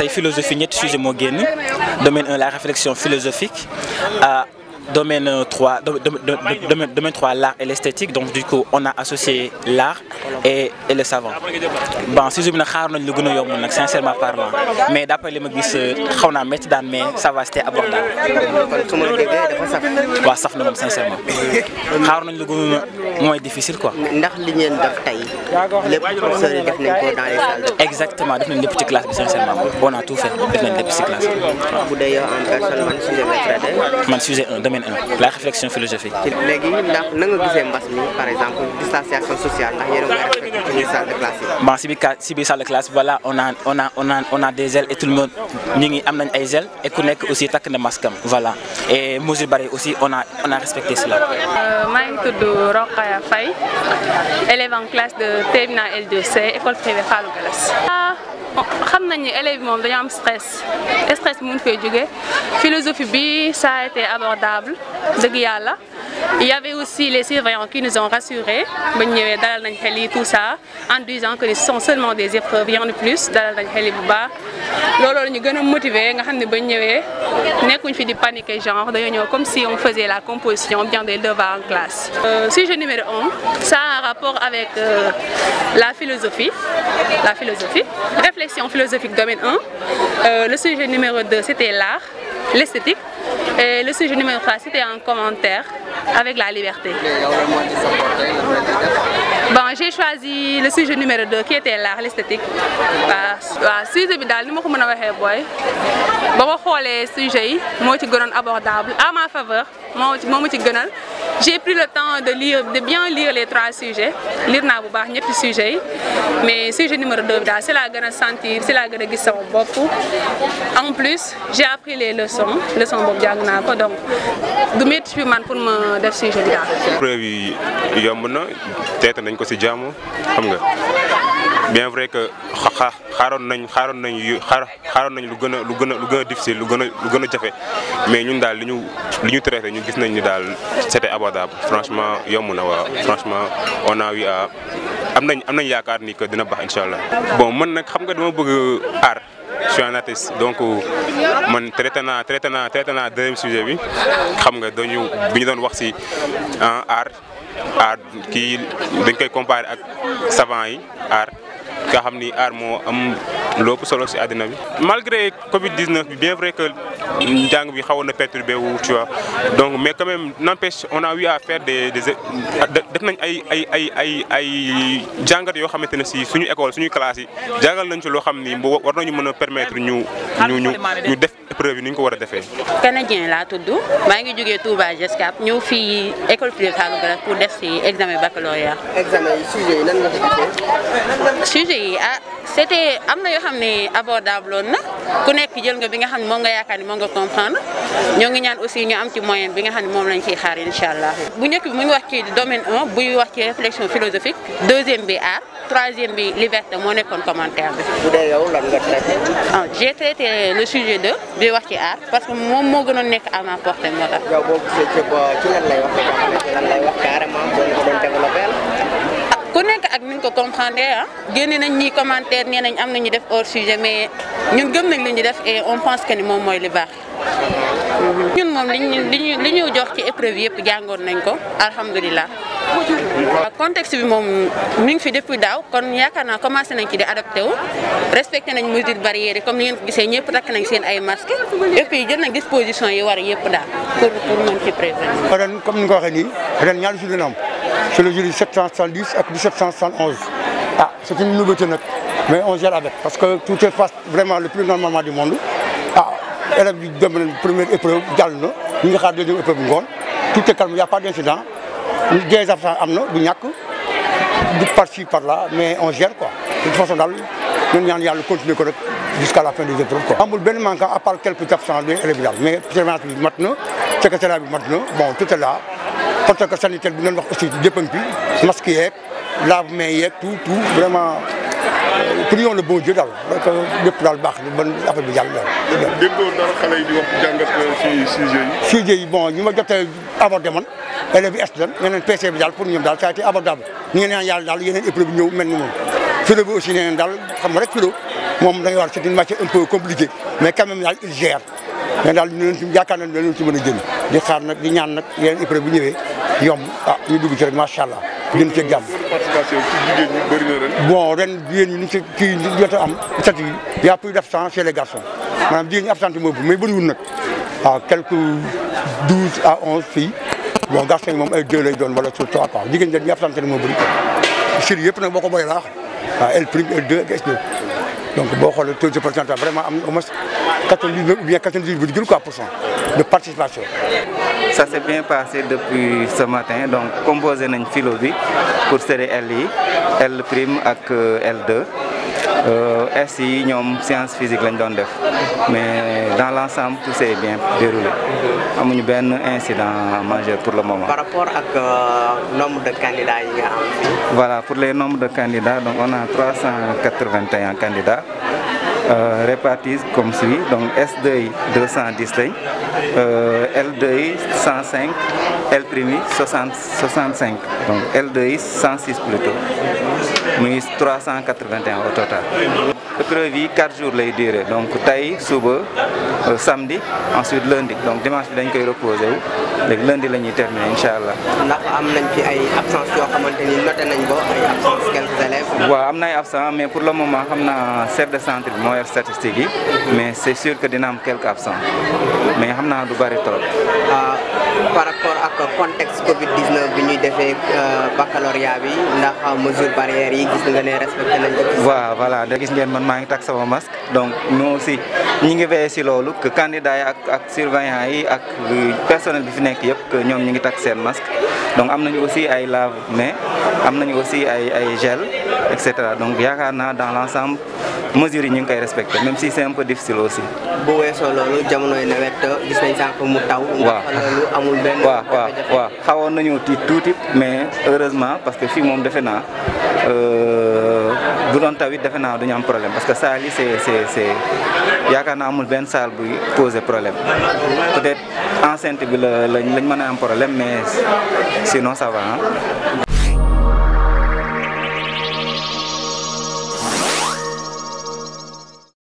tey philosophie ñetti sujet moo génn domaine 1 la réflexion philosophique à euh, domaine 3 domaine domaine 3 l'art et l'esthétique donc du coup on a associé l'art et le savant bon sujet bi nag xaar nañ lu gën a yomb nag sincèrement parlant mais d'après li ma gis xaw naa métti daan mais ça va c'était abordable. kon la déggee dafa saf. waaw saf sincèrement xaar nañ lu mooy difficile quoi. ndax li ngeen def tey lépp professeurs yi def nañ ko dans les salles. exactement def nañ lépp ci classe bi sincèrement moom on a tout fait def nañ man sujet nga domaine 1 la réflexion philosophique. léegi ndax na mbas mi par exemple distanciation sociale ndax yéen a ngi respecté ci bon si biir ca si biir salle classe voilà on a on des gels et tout ñi ngi am nañ ay gel et ku nekk aussi takk na masque am voilà et mesure bari aussi on a on a cela. Euh, Rokhaya Faye, élève en classe de na L2C, école privée Fallou Galass. Ah, xam nañ ni élèves moom dañoo am stress stress bi mun fee philosophie bi ça a été abordable dëgg yàlla. Il y avait aussi les surveillants qui nous ont rassurés, tout ça, en disant que ce sont seulement des épreuves, rien de plus, dalal nañ xel yi bu baax. loolu la ñu gën a motiver nga xam ne bañ ñëwee nekkuñ fi di paniquer genre dañoo ñëw comme si on faisait la composition bien des devoirs en classe. Euh, sujet numéro un ça a un rapport avec euh, la philosophie la philosophie réflexion philosophique domaine 1 euh, le sujet numéro 2 c'était l'art l'esthétique le sujet numéro 3, c'était un commentaire avec la liberté. Bon, j'ai choisi le sujet numéro 2 qui était l'art, l'esthétique. waaw sujet bi daal ni ma ko mën a waxee booy xoolee sujet yi moo ci gënoon abordable à ma faveur moo moo ma ci gënal j'ai pris le temps de lire de bien lire les trois sujets lire na bu baax ñetti sujets yi mais sujet numéro 2 bi daal la laa gën a sentir si la gën a gis sama bopp en plus j'ai appris les leçons leçon boobu jàng naa ko donc du métti fi man pour ma def sujet bi daal. preuve yi yomb na teet nañ ko si jàmm xam nga. bien vrai que xa xaaroon nañ xaaroon nañ yu xaaroon nañ lu gën lu gën a lu gën a difficile lu gën lu gën a jafe mais ñun daal li ñu li ñu traité ñu gis nañ ni daal c'était abordable franchement yomb na waa franchement on a eu à am nañ am nañ yaakaar ni que dina baax incha allah. bon man nag xam nga dama bëgg aar. je suis donc mën traité naa traité naa traité naa deuxième sujet bi xam nga dañu bi ñu doon wax ci art art kii dañ koy comparer ak savant yi aar nga xam ni aar moo am lópp solo si àddina bi. malgré Covid 19 bi bien vrai que njàng bi xawoon na perturbé wu tu donc mais quand même n'empêche on a eu à faire des ay jàngat yoo xamante ne si suñu école suñu classe yi jàngal nañ ci loo xam ni war nañu mën a permettre ñu ñu ñu ñu def épreuve yi ñu ko war a defee. canadien laa tudd maa ngi jógee Touba Jescap ñëw fii école privée Kagoura pour def si examen baccalauréat. examen yi sujet yi nan nga ko sujet ah, am na yoo xam ne abordable na ku nekk jël nga bi nga xam ne moom nga yaakaar ni nga comprendre ñoo ngi ñaan aussi ñu am ci moyen bi nga xam ne moom lañ ciy xaar incha allah. bu njëkk bi mu ngi wax ci domaine 1 buy wax ci réflexion philosophique deuxième bi art troisième bi liberté moo nekkoon commentaire bi. bu dee yow lan nga ah, le sujet de bi wax ci art parce que moom moo gënoon nekk à ma portée moo tax. yow boo gisee ci lan lay wax tënk ak niñ ko comprendre ah génne nañ ñii commentaire nee nañ am nañu def hors sujet mais ñun gëm nañ li ñu def et on pense que ni moom mooy li baax. ñun moom liñ ñu li ñu jox ci épreuve yëpp jàngoon nañ ko alhamdulilah. waaw bi moom mu ngi fi depuis daaw kon yaakaar naa commencé nañ ci di adapté wu respecté nañ mesures barrières yi comme ni ngeen ko gisee ñëpp takk nañ seen ay masques et puis jël nañ disposition yi war yëpp daal pour pour mën ci prévenir. ren comme ni ko waxee nii ren ñaari jours dina c'est le jury 1770 ak 1771 ah c'est une nouveauté nag mais on gère avec parce que tout se passe vraiment le plus normalement du monde ah élèves bi première épreuve jàll na ñu ngi xaar deuxième épreuve ngoon tout est calme y a pas d'incident des absents am na du ñàkk du par-ci par-là mais on gère quoi de toute façon daal ñun ñaan yàlla continuer ko rek jusqu'à la fin des épreuves quoi. amul benn manquant à part quelques absents des élèves yi mais séance bi mat na bon tout protocole sanitaire bi doon wax aussi jëppanti masque yeeg laabu main yeeg tout tout vraiment euh, prions le bon Dieu daal parce que lépp daal baax na ban affaire bi jàll daal. déggoo dara xale yi di wax jàngat ci sujet yi. sujet yi bon ñu ma jot a abordé man élèves yi est lan yeneen PC bi daal pour ñoom daal ça a été abordable ñu ngi naan yàlla daal yeneen épreuve bi ñëw mel ni moom. philo bi aussi nee daal xam nga rek philo moom da nga war c'est une matière un peu compliquée mais quand daal il gère. mais daal ñu leen ci yaakaar nañ a jël di xaar nag di ñaan nag yeneen épreuve bu ñëwee yomb ah ñu dugg ci rek macha allah. jëm ci jàmm participation ci jigéen ñi bëri na ren. bon ren jigéen ñi ni ci kii jot a am sat yi y' a plus d' absent chez les garçons maanaam jigéen ñi absent moo mais bëriwul nag waaw ah, quelque douze à onze filles bon garçon yi moom ay deux lay doon wala sur trois quoi jigéen ñi ñu absent moo bëri série yëpp nag boo ko booy laax waaw ah, L prime L2 ak donc boo xoolee taux de pourcentage vraiment am na 98 ou bien 98 quoi, de participation. Ça s'est bien passé depuis ce matin. Donc, composé filo bi pour serrer LI, L' avec L2. Euh, euh, S yi ñoom science physique lañ doon def mais dans l'ensemble tout s'est bien déroulé amuñu benn incident majeur pour le moment. par rapport ak euh, nombre de candidats yi nga am. voilà pour les nombres de candidats donc on a 381 candidats. Euh, répartissent comme suit donc S2 cent 210 lañ euh, l cent cinq 105 L prime yi 60 65 donc l cent yi 106 plutôt muy 381 au total. épreuve yi jours lay durer donc tey suba euh, samedi ensuite lundi donc dimanche bi dañ koy reposer léegi lundi la ñuy terminer incha allah. ndax am nañ fi ay absence yoo xamante ni noté nañ ko ay absence quelques élèves. waaw am na ay absence mais pour le moment xam naa chef de centre bi moo yor statistique yi. mais c' est sûr que dina am quelques absents mais xam naa du bëri trop. Ah, par rapport ak contexte Covid 19 bi ñuy defee euh, baccalauréat bi ndax mesure barrière yi gis nga ne respecté nañ ko. waaw voilà da ngeen man maa ngi takk sama masque donc nous aussi ñi ngi veillé si loolu que candidat yi nekk yëpp que ñoom ñu ngi takk seen masque donc am nañu aussi ay lave-mains am nañu aussi ay gel et donc yaakaar naa dans l'ensemble mesures yi ñu ngi koy respecté même si c'est un peu difficile aussi. bu weesoo loolu jamonoy nawet gis nañ sànq mu taw. waaw amul benn. waaw waaw waaw xawoon nañu tiit tuuti mais heureusement parce que fii moom defe naa euh, bu doon taw it defe naa duñu am problème parce que saal yi c'est c'est c'est yaakaar naa amul benn saal buy poser problème peut-être enceinte bi la lañ lañ mën a am problème mais sinon ça va